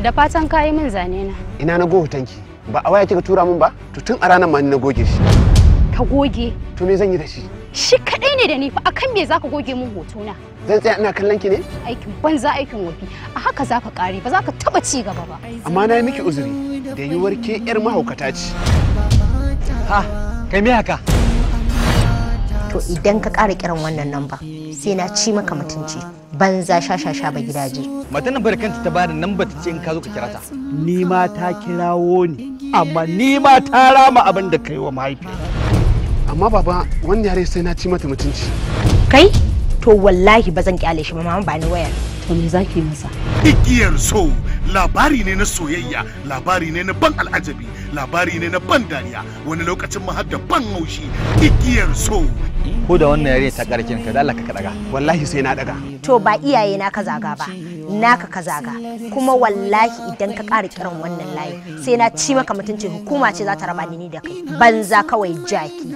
Da fatan ka yi min zane na. Ina na goge tanki. Ba a waya kika tura min ba? To tun a ranar ma ni na goge shi. Ka goge? To me zan yi da shi? Shi kadai ne da ni fa akan me zaka goge min hoto na. Zan tsaya ina kallon ki ne? Aikin banza aikin wafi. A haka zaka kare ba zaka taba ci gaba ba. Amma na yi miki uzuri da yiwuwar ke yar mahaukata ce. Ha, kai me haka? To idan ka ƙara kiran wannan namba sai na ci maka mutunci. banza shashasha ba gidaje matan nan barkanta ta bada nan ta ce in ka zo ka kira ta ni ma ta kirawo ni amma ni ma ta rama abin da kai wa mahaifi amma baba wanda yare sai na ci mata mutunci kai to wallahi ba zan kyale shi ba mama ba ni wayar to me zaki masa igiyar so labari ne na soyayya labari ne na ban al'ajabi labari ne na ban dariya wani lokacin ma har da ban haushi igiyar so ko da wannan yare ta karkin ka da Allah ka daga wallahi sai na daga to ba iyaye na ka zaga ba naka ka zaga kuma wallahi idan ka ƙara kiran wannan layi sai na ci maka mutunci hukuma ce za ta raba ni da kai banza kawai jaki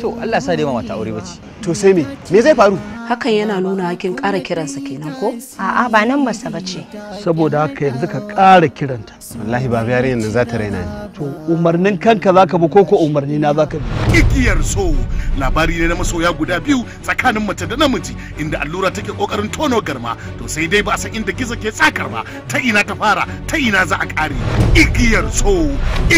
to Allah sa dai ma mata aure bace to sai me me zai faru hakan yana nuna kin ƙara kiransa kenan ko a'a ba nan masa bace saboda haka yanzu ka ƙara kiranta wallahi ba yarinyar yanzu za ta raina ni to umarnin kanka zaka bi ko ko umarni na zaka bi igiyar so labari ne na masoya guda biyu tsakanin mace da namiji inda allura take kokarin tono garma to sai dai ba a san inda gizo ke tsakar ba ta ina ta fara ta ina za a ƙare igiyar so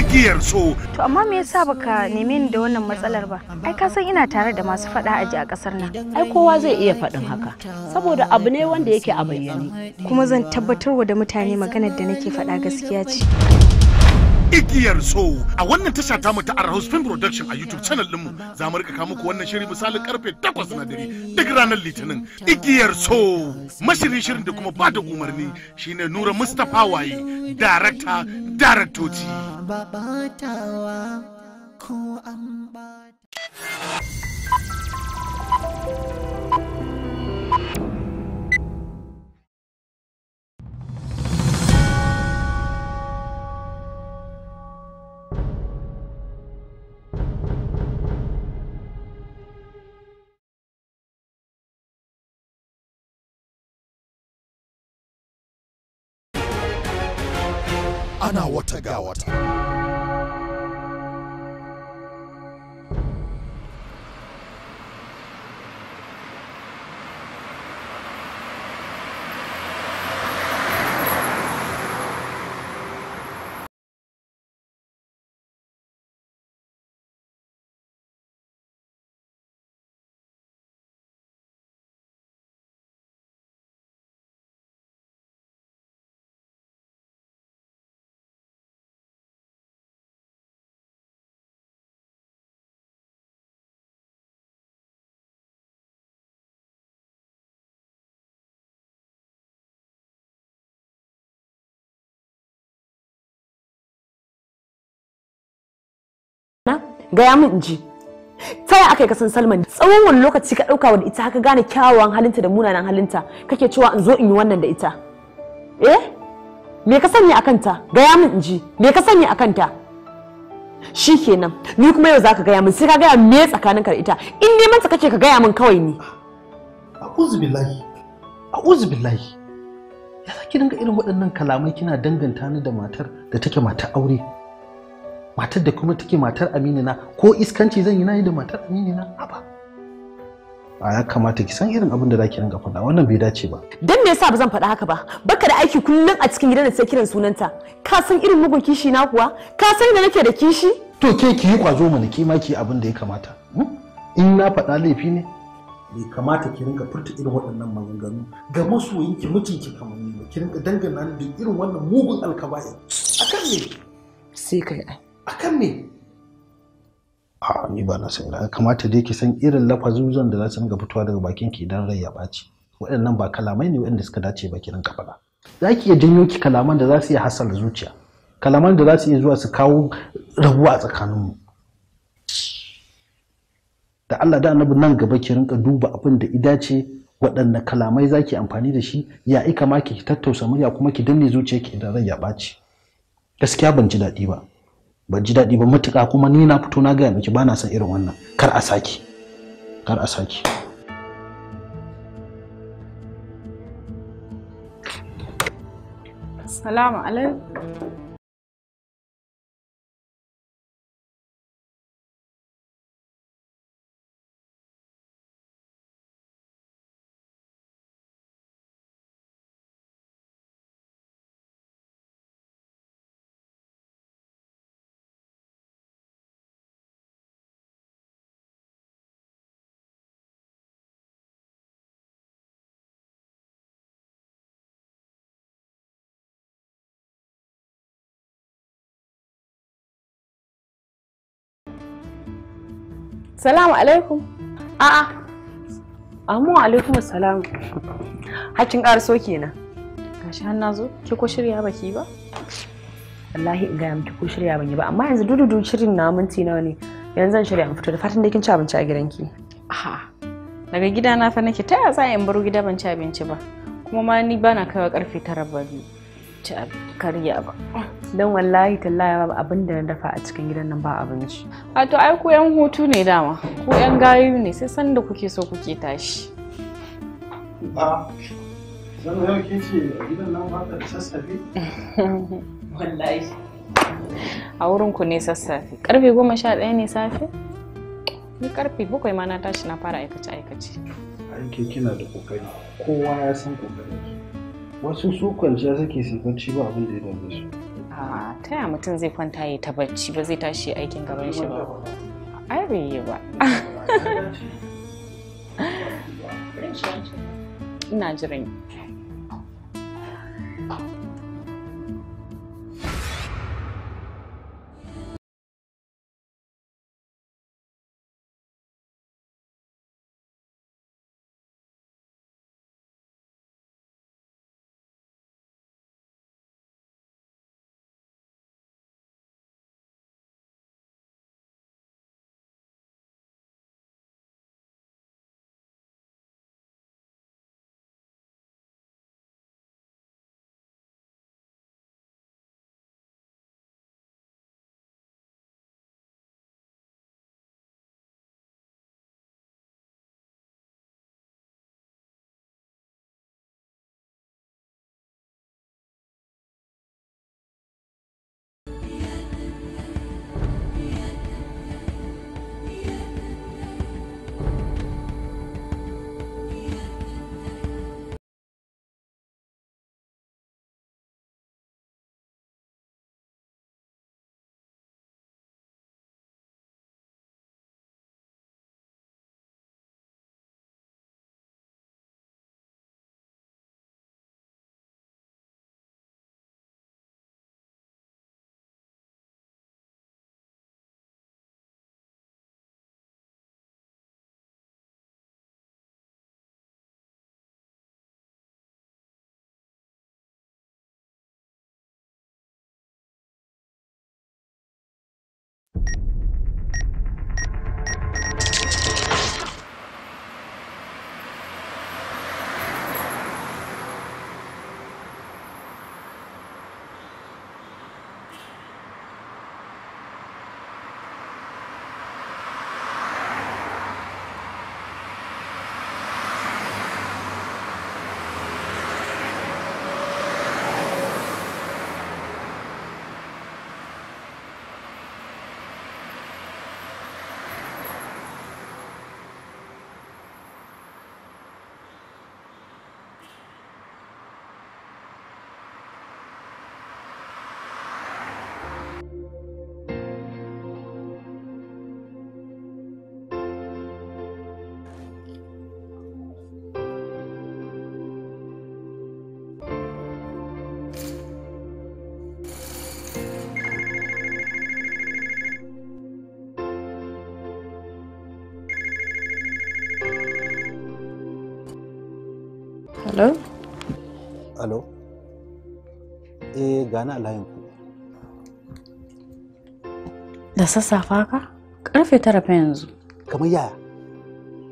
igiyar so to amma me yasa baka neme ni da wannan matsalar ba ai ka san ina tare da masu faɗa a a kasar nan ai kowa zai iya faɗin haka saboda abu ne wanda yake a bayyane kuma zan tabbatarwa da mutane maganar da nake faɗa gaskiya ce igiyar so a wannan tasha ta ta Arhouse Film Production a YouTube channel ɗinmu za mu rika kawo muku wannan shiri misalin karfe 8 na dare duk ranar Litinin igiyar so mashirin shirin da kuma ba da umarni shine Nura Mustapha Waye director directoci ana wata ga wata gaya min in ji ta ya aka yi kasan salman tsawon wani lokaci ka ɗauka wani ita haka gane kyawawan halinta da munanan halinta kake cewa in zo in yi wannan da ita eh me ka sanya akan ta gaya min in ji me ka sanya akan ta Shi kenan ni kuma yau zaka gaya min sai ka gaya me ka da ita in neman ta kake ka gaya min kawai ni a'udhu billahi a'udhu billahi ya za ki dinga irin waɗannan kalamai kina danganta ni da matar da take mata aure matar da kuma take matar amini na ko iskanci zan yi na yi da matar amini na haba a ya kamata ki san irin abin da zaki ringa faɗa wannan bai dace ba dan me yasa ba zan faɗa haka ba baka da aiki kullum a cikin gidan da sai kiran sunanta ka san irin mugun kishi na kuwa ka san da nake da kishi to ke ki yi kwazo mana ki ma ki abin da ya kamata hmm? in na faɗa laifi ne bai kamata ki rinka furta irin waɗannan maganganu ga masoyin ki mutum ki ba ki rinka dangana da irin wannan mugun alkaba'i akan ne sai kai ai akan me a ni ba na san kamata dai ki san irin lafazuzan da za su dinga fitowa daga bakin ki idan rai ya ɓaci waɗannan ba kalamai ne waɗanda suka dace ba kiran ka faɗa za ki iya janyo ki kalaman da za su iya hasal zuciya kalaman da za su iya zuwa su kawo rabuwa a mu da Allah da annabi nan gaba ki rinka duba abin da ce waɗanne kalamai za ki amfani da shi ya ika ma ki tattausa murya kuma ki danne zuciyarki ki idan rai ya gaskiya ban ji daɗi ba ban ji daɗi ba matuƙa kuma ni na fito na gaya miki ba na san irin wannan kar a saki kar a saki Salamu alaikum. Salamu alaikum. A'a. Amu alaikum salam. Hakkin ƙarso kenan. Gashi har na zo, ki ko shirya baki ba? Wallahi in gaya miki ko shirya ban yi ba, amma yanzu dudu shirin na minti nawa ne. Yanzu zan shirya in fito da fatan da kin ci abinci a gidanki. Aha. Daga gida na fa nake ta yaya za in baro gida ban ci abinci ba. Kuma ma ni bana kaiwa karfe tara ba biyu. ci karya ba don wallahi tallaya ba abin da na dafa a cikin gidan nan ba abinci a to ai ku yan hutu ne dama ku yan gayu ne sai san da kuke so kuke tashi ba zan yau ke ce gidan nan ba ta sassafe wallahi a wurin ku ne sassafe karfe goma sha ɗaya ne safe ni karfe bakwai ma na tashi na fara aikace aikace ai ke kina da kokari kowa ya san kokarin wasu su kwanciya suke su bacci ba abin da ya dame su a ta yaya mutum zai kwanta ya ta bacci ba zai tashi aikin gaban shi ba ai bai yi ba ina jiran you gani a layin ku da sassafa ka karfe tara fa yanzu kamar yaya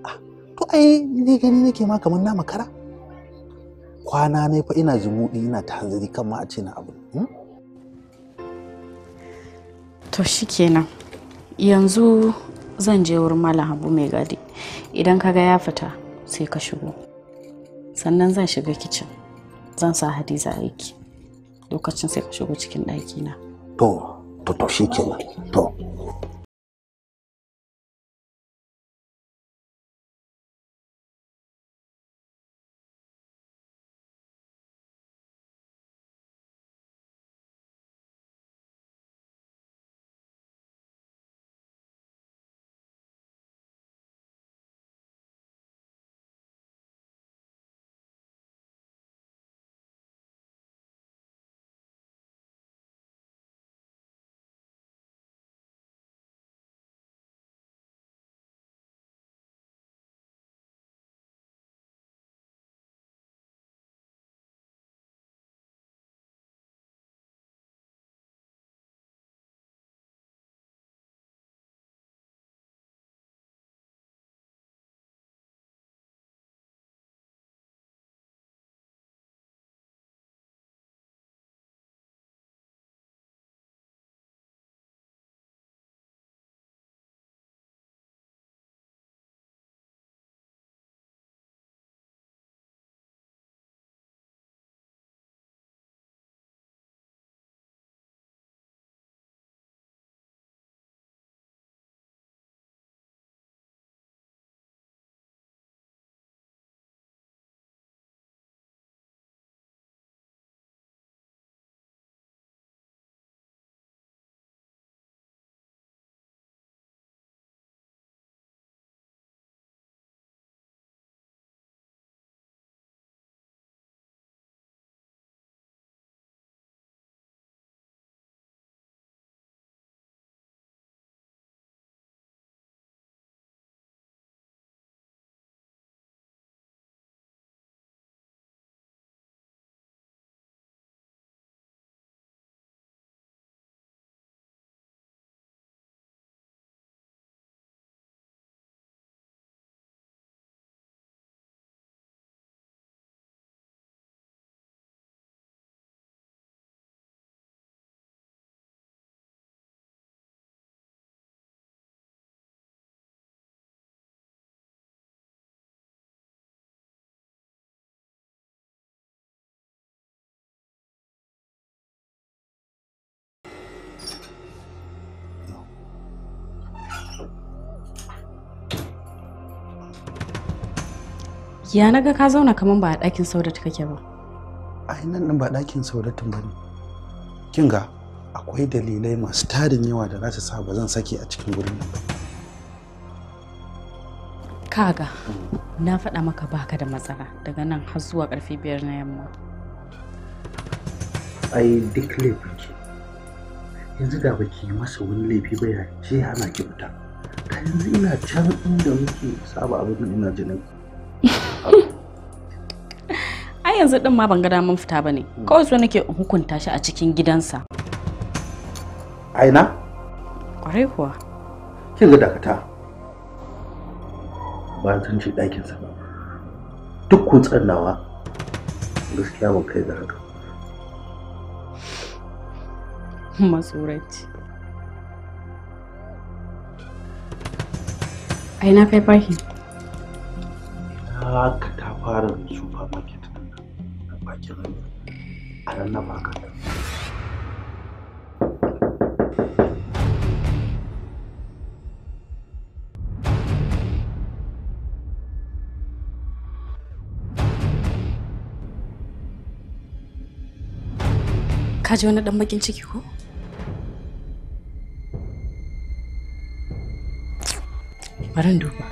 ah, to ai ni gani nake ma kamar na makara kwana ne fa ina zumuɗi ina ta kan ma a ce na abu hmm? to shikenan yanzu zan je wurin malam habu mai gadi idan kaga ya fita sai ka shigo sannan zan shiga kicin zan sa hadiza aiki lokacin sai ka shigo cikin ɗakina. To, to to shi kenan. To, Ya naga ka zauna kaman ba a ɗakin saudata kake ba. Ai nan nan ba ɗakin Saudatun ba ne. Kin ga akwai dalilai masu tarin yawa da za su sa ba zan sake a cikin gurin nan ba. Kaga mm. na faɗa maka baka da matsala daga nan har zuwa karfe biyar na yamma. Ai duk laifin Yanzu da baki yi masa wani laifi ba ya ce hana ki fita. Ka yanzu ina can inda muke saba abin ina jinin yanzu din ma ban ga daman fita bane hmm. kawai so nake hukunta shi a cikin gidansa aina kwarai kuwa kin ga dakata ba san shi ɗakin sa ba duk kun tsannawa gaskiya ban kai da haka matsoraci aina kai fakin haka ta fara zuwa fafakin Kaji ka wani dan bakin ciki ko? Bari duba.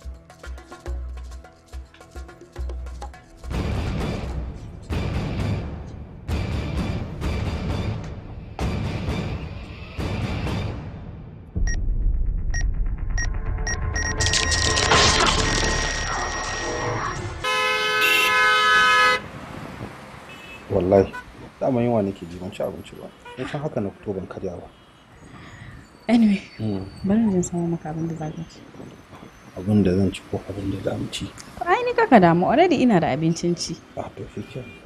ke ji ban abinci ba in san haka na fito ban karya ba anyway hmm. bari jin samu maka abin da zaka ci abin da zan ci ko abin da za mu ci ai ni kaka damu already ina da abincin ci a ah, to shi kenan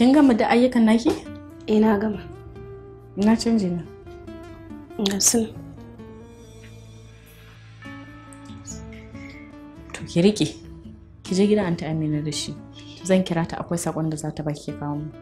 Kin gama da ayyukan naki? Eh na gama. Na canji na. Gasin. To ki rike. Ki je gidan Anta Amina da shi. Zan kira ta akwai sakon da za ta baki kawo mu.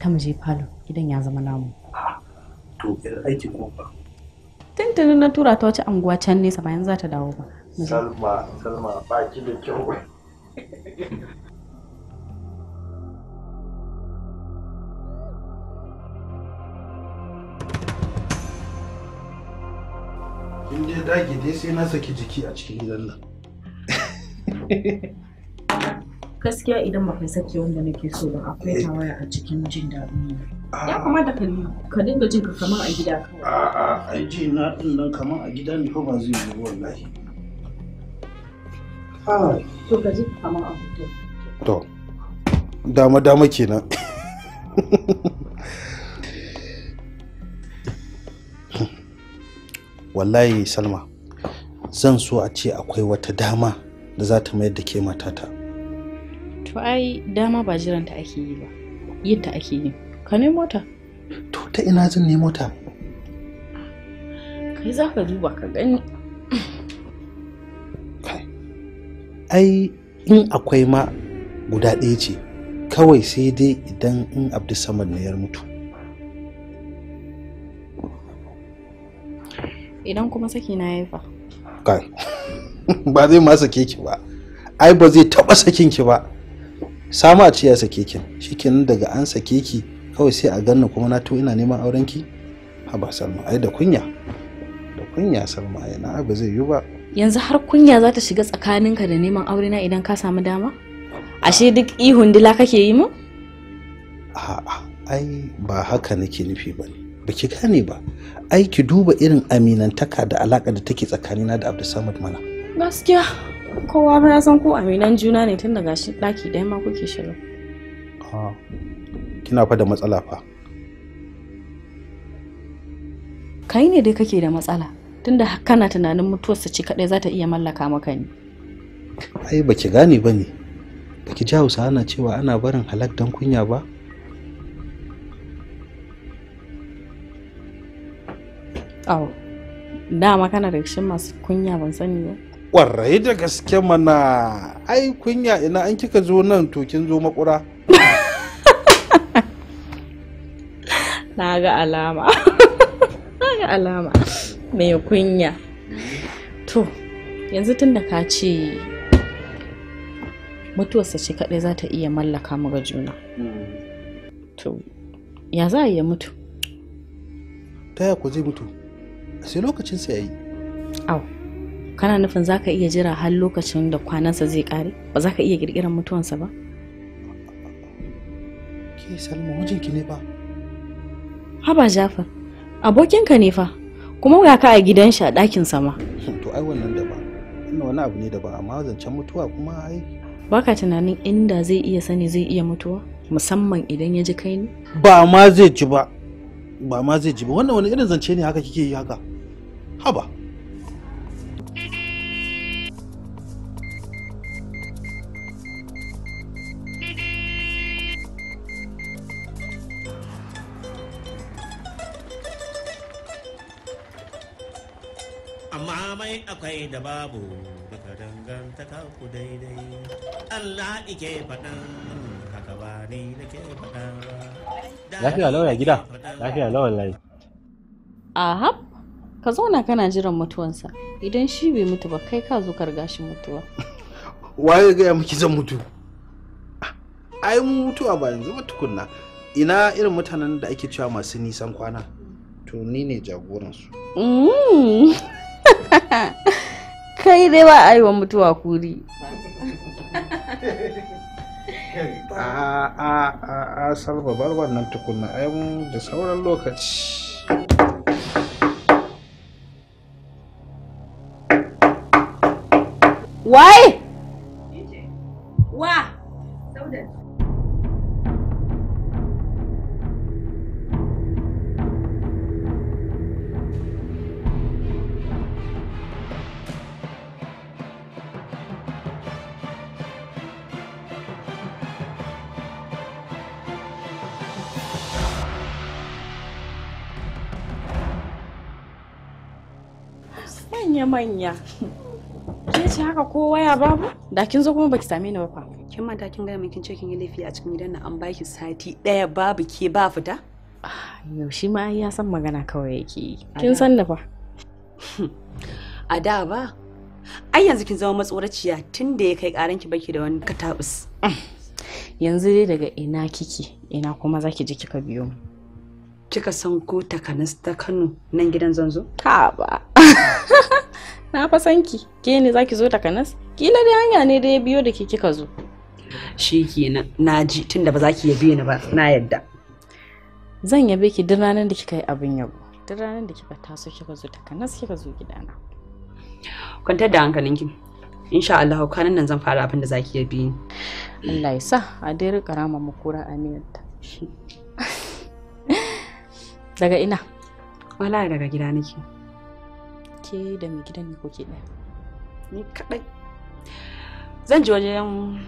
ta mu je falo gidan ya zama namu to aiki kofa. tuntunin na tura ta wace anguwa can nesa bayan za ta dawo ba salma salma ba ki da kyau in je daki dai sai na saki jiki a cikin gidan nan gaskiya idan ba kai sake wanda nake so ba akwai eh. tawaya a cikin jin daɗin ah. ya kamata ka ka dinga jin ka kamar a gida kawai a'a ai ji na din nan kamar a gida ne fa ba zai yi wallahi ah, to ka ji kamar a to dama dama kenan wallahi salma zan so a ce akwai wata dama da za ta mayar da ke matata to ai dama ba jiranta ake yi ba yinta ake yi ka ne mota. to ta ina zan nemo mota kai za ka duba ka gani ai in akwai ma guda ɗaya ce kawai sai dai idan in abdulsamad na yar mutu idan kuma saki na ya fa ba zai ma sake ki ba ai ba zai taba sakin ki ba samu a ce ya sake ki shikenan daga an sake ki kawai sai a ganna kuma na to ina neman auren ki haba salma ai da kunya da kunya salma ai na ba zai yi ba yanzu har kunya za ta shiga tsakaninka da neman aure na idan ka samu dama ashe duk ihun dila kake yi mu a'a ai ba haka nake nufi ba ne ba ki gane ba ai ki duba irin aminantaka da alaka da take tsakanina da abdulsamad mana gaskiya kowa ba san ko aminan juna ne tun daga shi ɗaki ɗaya ma kuke shiga. kina fa da matsala fa. Kai ne dai kake da matsala tunda kana tunanin mutuwarsa ce kaɗai za ta iya mallaka maka ne. Ai baki gane ba ne, baki ji Hausa ana cewa ana barin halak don kunya ba? Aw, dama kana da masu kunya ban sani ba. kwarai da gaske mana ai kunya ina an kika zo nan to kin zo makura na ga alama na ga alama mai kunya to yanzu tun da ka ce mutuwarsa ce kaɗai za ta iya mallaka mu ga juna to ya za a iya mutu ta ya ku zai mutu sai lokacin sa yayi au kana nufin za ka iya jira har lokacin da kwanansa zai kare ba za ka iya girgiran mutuwansa ba ke salma mijinki ne ba haba jafar abokinka ne fa kuma ga ka a gidan shi a ɗakin sama hm, to ai wannan da ba wannan wani abu ne da ba amma zancen mutuwa kuma ai baka tunanin inda zai iya sani zai iya mutuwa musamman idan ya ji kai ne ba ma zai ji ba ba ma zai ji ba wannan wani irin zance ne haka kike yi haka haba kai da babu duka dangantaka ku daidai Allah ike faɗan haka ba ni nake faɗa ba lafiya lauya gida lafiya lawan lai aha ka zauna kana jiran mutuwansa idan shi bai mutu ba kai ka zo karga shi mutuwa waye gaya miki zan mutu ai mu mutuwa ba yanzu ba tukunna ina irin mutanen da ake cewa masu nisan kwana to ni ne jagoransu mm. kai dai ba a yi wa mutuwa kuri a salba bar wannan tukuna ayyun da sauran lokaci waye wa manya-manya ke ce haka ko waya babu da kin zo kuma baki same ni ba fa kin manta kin ga mun kin ce kin yi laifi a cikin gidan nan an baki sati daya babu ke ba fita ah, yaushe ma ya san magana kawai yake kin san da fa a da ba ai yanzu kin zama matsoraciya tun ya kai karanki baki da wani katabus yanzu dai daga ina kike ina kuma zaki je kika biyo mu kika san ko takanas ta Kano nan gidan zanzo ka ba na fa san ki ke ne zaki zo takanas kila da hanya ne da ya biyo da ke kika zo shi ke na ji tunda ba za ki yabe ni ba na yadda zan yabe ki duk ranar da kika yi abin yabo duk ranar da kika taso kika zo takanas kika zo gidana kwantar da ki insha Allah kwanan nan zan fara abin da zaki yabe ni Allah ya sa a dai rika rama makura aniyarta daga ina wala daga gida nake ke da mai gidan ne kuke ɗaya ni kaɗai zan je wajen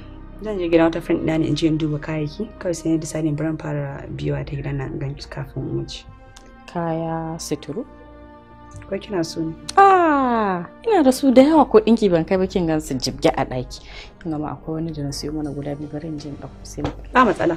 zan je gidan wata friend ɗaya ne in je in duba kayayyaki kawai sai na sani bari fara biyowa ta gidan nan gan kafin in wuce kaya suturu ko kina so ne ah ina da su da yawa ko ɗinki ban kai ba kin gan su jibge a ɗaki kin ga akwai wani da na siyo mana guda biyu bari in je in ɗauko sai ba matsala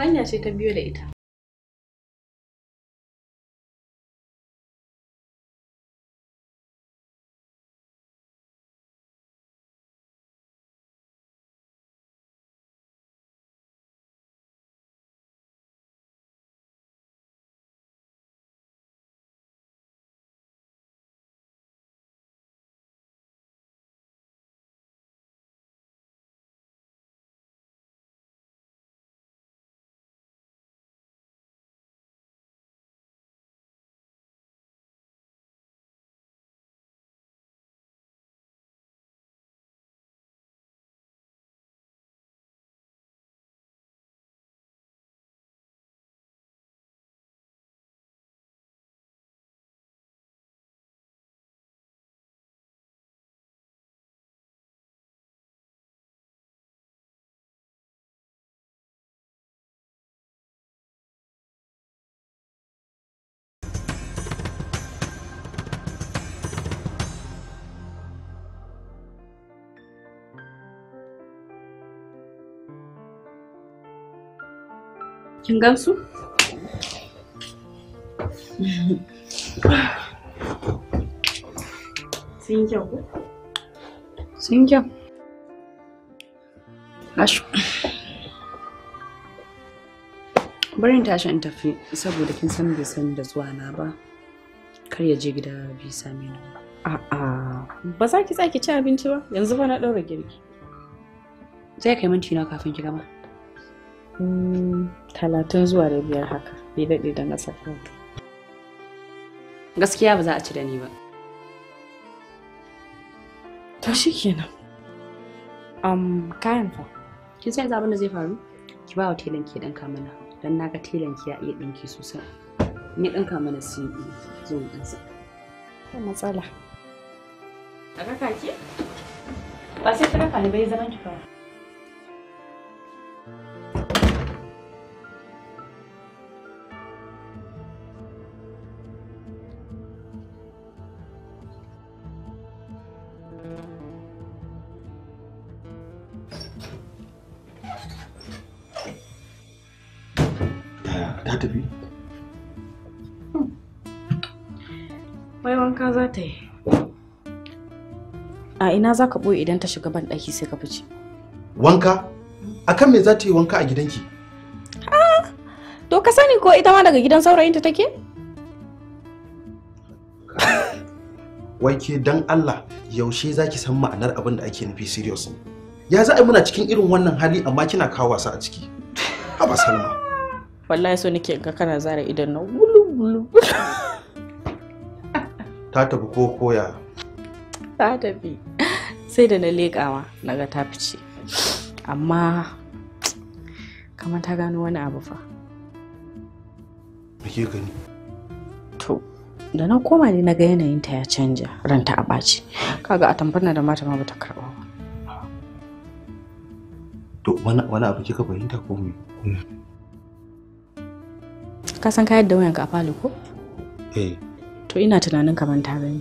hanya ce ta biyu da ita Kin gansu? Sun kyau ko? Sun kyau. Ashu. Barin tashi in tafi saboda kin san bai san da zuwa na ba. Kar ya je gida bi same ni A'a, ba za ki tsaki ci abinci ba, yanzu ba na ɗaura girki. Zai kai minti na kafin ki gama. talatin zuwa da biyar haka bai daɗe da na saka gaskiya ba za a ci da ni ba to shi kenan um, kayan fa kin san abin da zai faru ki ba wa telan ki ɗan kamana don na ga telan ki ya iya ɗinki sosai ni ɗan kamana sun yi zo mu ɗansa matsala a kaka ki ba sai ta kaka ne bai zaman ki fara a ina zaka ka ɓoye idan ta shiga ban ɗaki sai ka fice. Wanka? Akan me za ta yi wanka a gidanki? Ah, to ka sani ko ita ma daga gidan saurayinta take? Wai ke dan Allah yaushe zaki ki san ma'anar abin da ake nufi serious Ya za a muna cikin irin wannan hali amma kina kawo wasa a ciki. Haba Salma. Wallahi so nake ga kana zara idan na wulu wulu. Ta tafi ko koya? Ta tafi. sai da na leƙawa na ga ta fice amma kamar ta gano wani abu fa ke gani to da na koma ne na ga yanayinta ya canja ranta a ɓaci kaga a na da mata ma bata karɓa ba to wani abu kika fahimta ko me ka san ka yadda wayanka a falo ko eh to ina tunanin kamar ta gani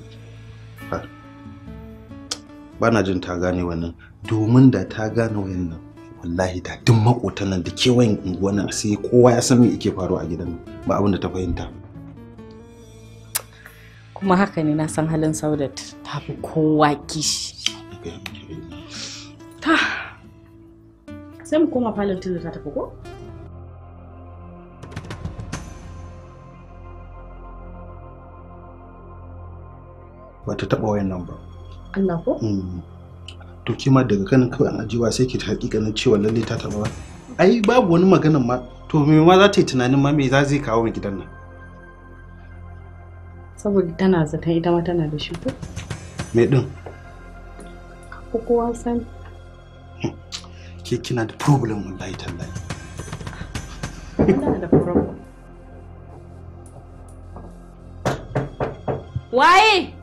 bana jin ta gane wannan domin da ta gane wannan wallahi da duk makotan nan da kewayen unguwa nan sai kowa ya san me yake faruwa a gidan ba abin da ta fahimta kuma haka ne na san halin saudat ta fi kowa kishi sai mu koma falon da ta tafi ko ba ta taba wayan nan ba Allah ko? Hmm. To daga kanin kawai an ajiyewa sai ki ta hakikanin cewa lalle ta babu wani maganan ma to me ma za tunanin ma me za zai kawo gidan nan saboda tana zaton ita ma tana da shi me din ko hmm. ke kina da problem wallahi tallahi da problem waye ne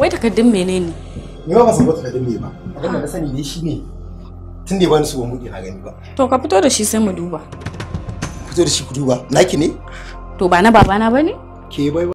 Wai takardun menene? Ni ba san ko takardun me ba. Abin da na sani ne shine tun da ba ni su ba mudi na gani ba. To ka fito da shi sai mu duba. Fito da shi ku duba. Naki ne? To ba na babana bane? Ke bai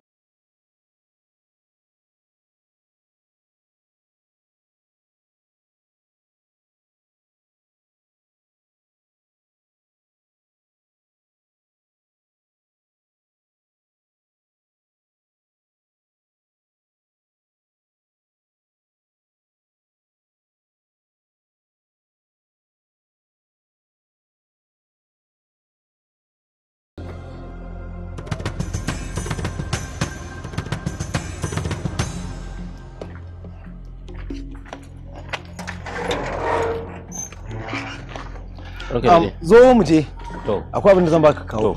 zo mu je akwai abin da zan baka kawo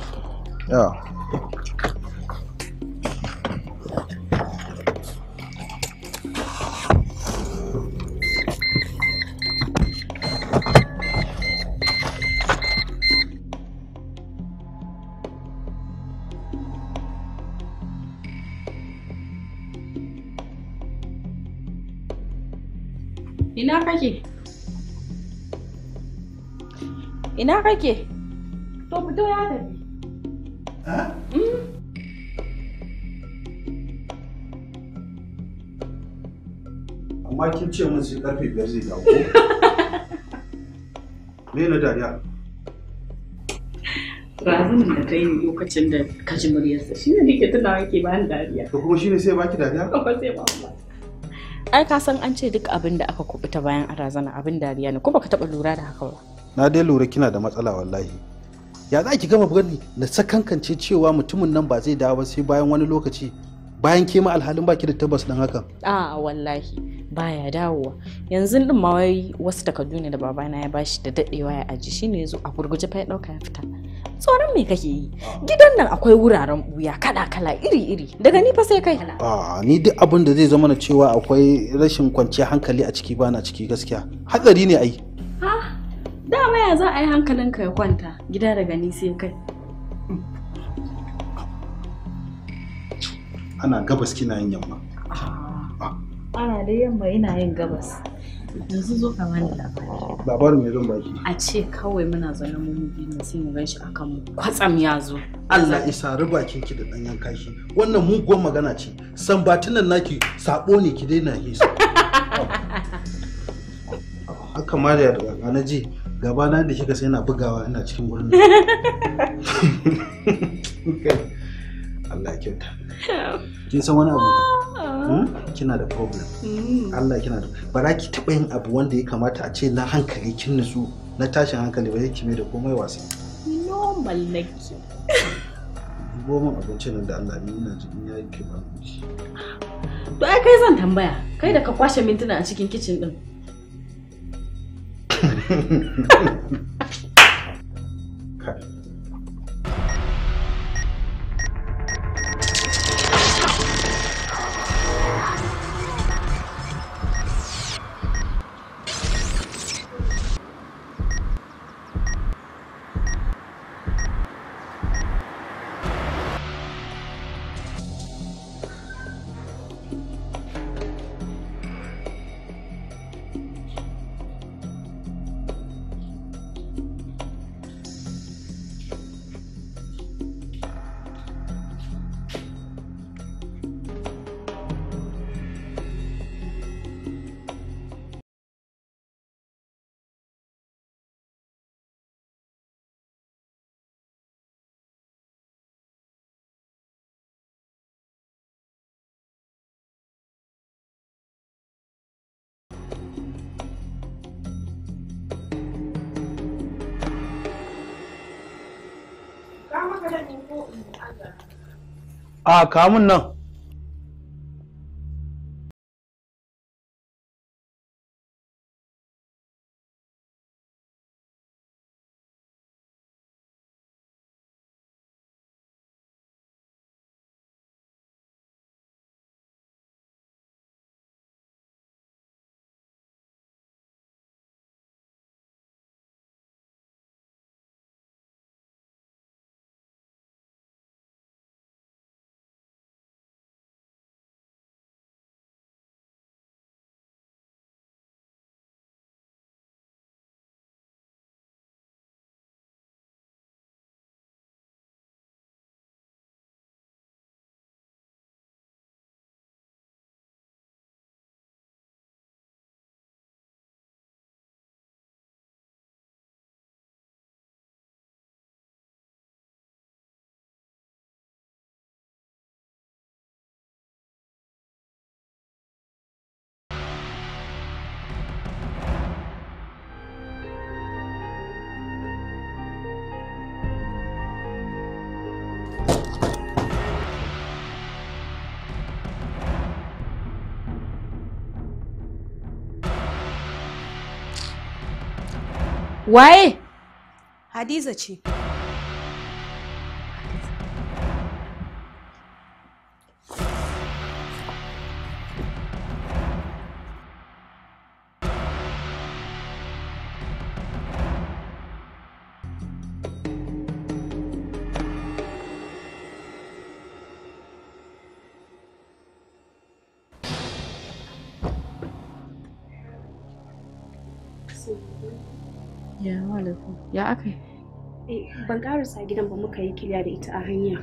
sai karfe biyar zai dawo me na dariya razumin da ta yi lokacin da ka ji muryarsa shi ne nake tunawa ke bani dariya to kuma shi ne sai baki dariya ko sai ba ai ka san an ce duk abin da aka kubuta bayan a razana abin dariya ne ko baka taba lura da haka ba na dai lura kina da matsala wallahi ya za ki gama gani na sakankance cewa mutumin nan ba zai dawo ba sai bayan wani lokaci bayan ke ma alhalin baki da tabbas dan hakan a wallahi baya dawowa yanzu din ma wai wasu takardu ne da babana ya bashi da dadewa ya aji shine yazo a gurguje fa ya dauka ya fita tsoron me kake yi gidan nan akwai wuraren buya kala kala iri iri daga ni fa sai kai a ni duk abin da zai zama na cewa akwai rashin kwanciyar hankali a ciki bana ciki gaskiya hatsari ne ai ha Da ya za a yi hankalinka ya kwanta gida daga ni sai kai ana gabas kina yin yamma fara da yamma ina yin gabas yanzu zo ka bani labari labarin mai zan baki a ce kawai muna zaune mu biyu ne sai mu ganshi aka mu kwatsam ya zo Allah isa riba kinki da dan yanka shi wannan muguwar magana ce san batunan naki sabo ne ki daina yi haka ma da yarda na ji gaba na da kika sai na bugawa ina cikin wurin Allah ya kyauta kin san wani abu ah. hmm? kina da problem hmm. Allah kina da ba za ki taba yin abu wanda ya kamata a ce na hankali kin nutsu na tashin hankali ba yake mai da komai wasa normal nake goma abincin da Allah ne ina jin ya yi ba to ai kai zan tambaya kai da ka kwashe mintuna a cikin kicin din a kamun nan Waye? Hadiza ce. Thank you. Ya aka yi? Eh, ban karasa gidan ba muka yi kiriya da ita a hanya.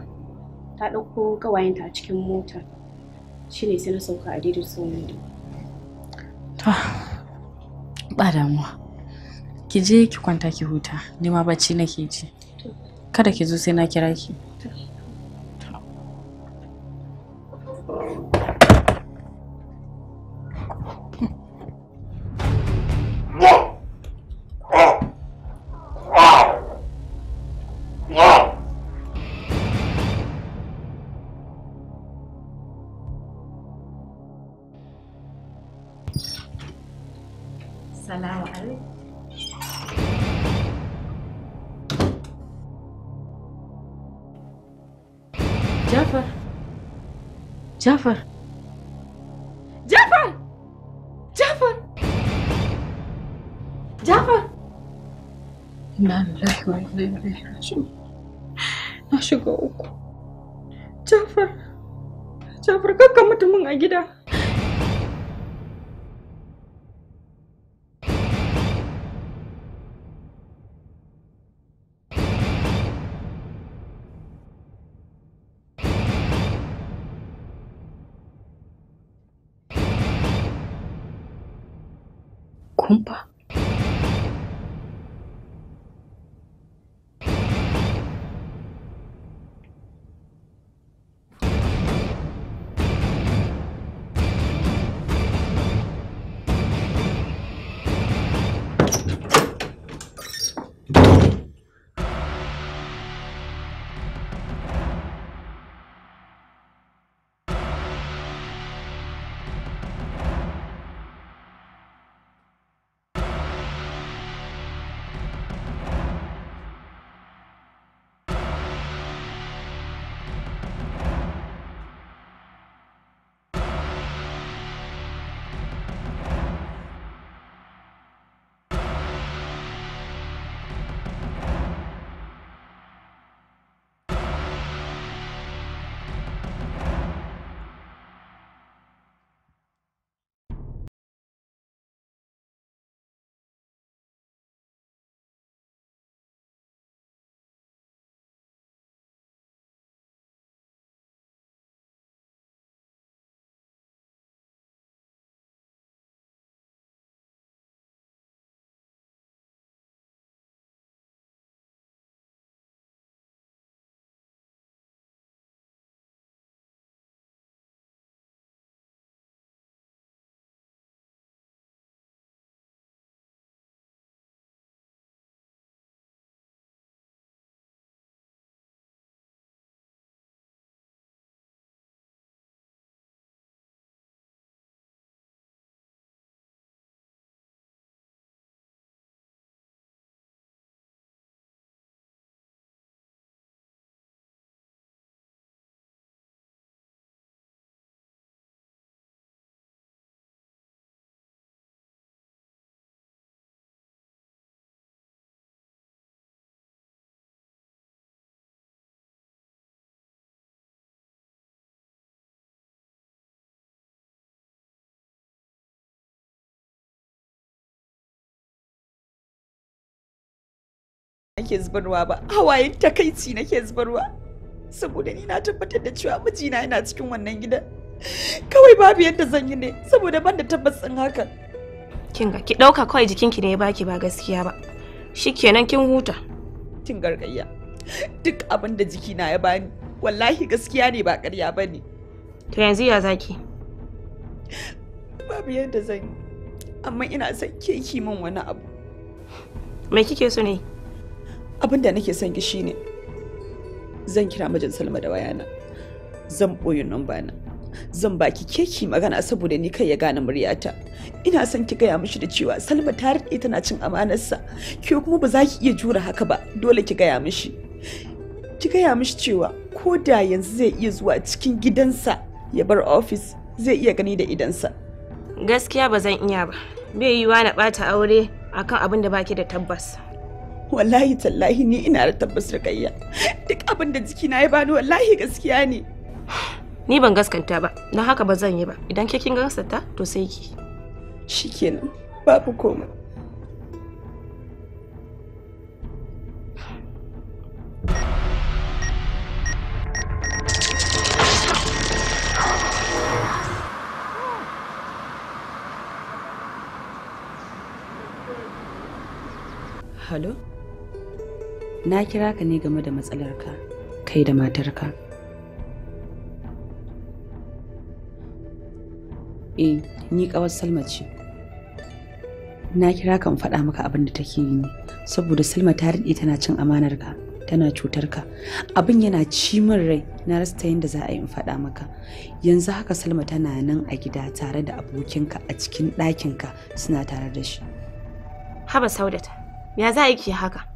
Ta ɗauko gawayenta a cikin mota. Shi ne sai na sauka a daidai tsawon To, ba damuwa. Ki je ki kwanta ki huta, ni ma bacci nake ji. Kada ki zo sai na kira ki. Jafar! Jafar! Jafar! Jafar! Inna lillahi wa inna ilaihi a gida. compa nake zubarwa ba hawayen takaici nake zubarwa saboda ni na tabbatar da cewa mijina yana cikin wannan gidan kawai babu yadda zan yi ne saboda ban da tabbas din haka kin ga ki dauka kawai jikinki ne ya baki ba gaskiya ba shikenan kin huta kin gargayya duk abin da jikina ya bani wallahi gaskiya ne ba ƙarya bane to yanzu ya zaki babu yadda zan yi amma ina son keki min wani abu me kike so ne abin da nake son ki shine zan kira mijin salma da wayana zan boye numba na zan baki keki magana saboda ni kai ya gane muryata ina son ki gaya mishi da cewa salma ta rike tana cin amanarsa ke kuma ba za ki iya jura haka ba dole ki gaya mishi ki gaya mishi cewa ko da yanzu zai iya zuwa cikin gidansa ya bar ofis zai iya gani da idansa gaskiya ba zan iya ba bai yiwa na bata aure akan abin da baki da tabbas wallahi tallahi ni ina da tabbas rikayya duk abin da jikina ya bani wallahi gaskiya ne ni ban gaskanta ba na haka ba zan yi ba idan ke kin gaskata to sai ki shikenan babu komai Hello? na kira ka ne game da matsalarka kai da matarka e ni kawar salma ce na kira kan faɗa maka abin da take yi ne saboda salma ta daɗe tana cin amanarka tana cutarka abin yana ci min rai na rasa ta yadda za a yi in faɗa maka yanzu haka salma tana nan a gida tare da abokinka a cikin ɗakinka suna tare da shi haba saudata ya za a yi haka